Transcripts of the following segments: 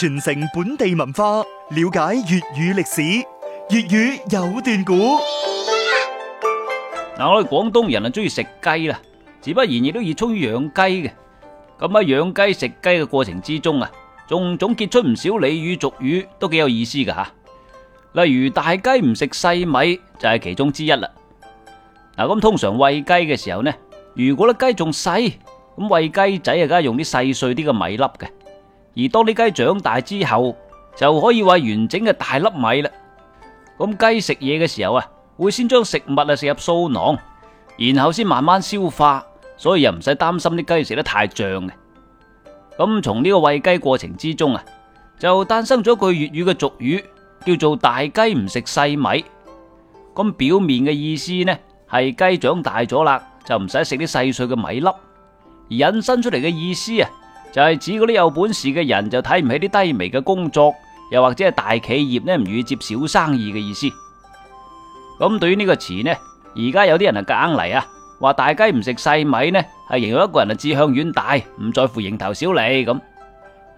傳承本地文化，了解粵語歷史，粵語有段古。嗱，我哋廣東人啊，中意食雞啦，自不然亦都熱衷於養雞嘅。咁喺養雞食雞嘅過程之中啊，仲總結出唔少俚語俗語，都幾有意思嘅吓。例如大雞唔食細米就係其中之一啦。嗱，咁通常餵雞嘅時候呢，如果啲雞仲細，咁餵雞仔啊，梗係用啲細碎啲嘅米粒嘅。而當啲雞長大之後，就可以餵完整嘅大粒米啦。咁雞食嘢嘅時候啊，會先將食物啊食入嗉囊，然後先慢慢消化，所以又唔使擔心啲雞食得太脹嘅。咁從呢個餵雞過程之中啊，就誕生咗句粵語嘅俗語，叫做大雞唔食細米。咁表面嘅意思呢，係雞長大咗啦，就唔使食啲細碎嘅米粒，而引申出嚟嘅意思啊。就係指嗰啲有本事嘅人就睇唔起啲低微嘅工作，又或者係大企業呢唔願接小生意嘅意思。咁對於呢個詞呢，而家有啲人啊夾硬嚟啊，話大雞唔食細米呢，係形容一個人啊志向遠大，唔在乎蠅頭小利咁。咁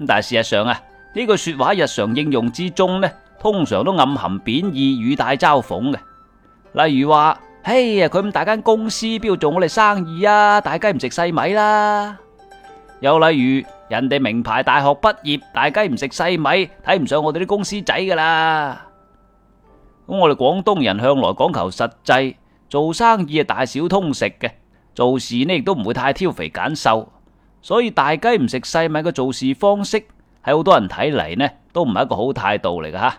但係事實上啊，呢句說話喺日常應用之中呢，通常都暗含貶義，語帶嘲諷嘅。例如話，嘿呀，佢咁大間公司邊度做我哋生意啊？大雞唔食細米啦。又例如人哋名牌大學畢業，大雞唔食細米，睇唔上我哋啲公司仔噶啦。咁我哋廣東人向來講求實際，做生意係大小通食嘅，做事呢亦都唔會太挑肥揀瘦，所以大雞唔食細米嘅做事方式，喺好多人睇嚟，呢都唔係一個好態度嚟噶吓。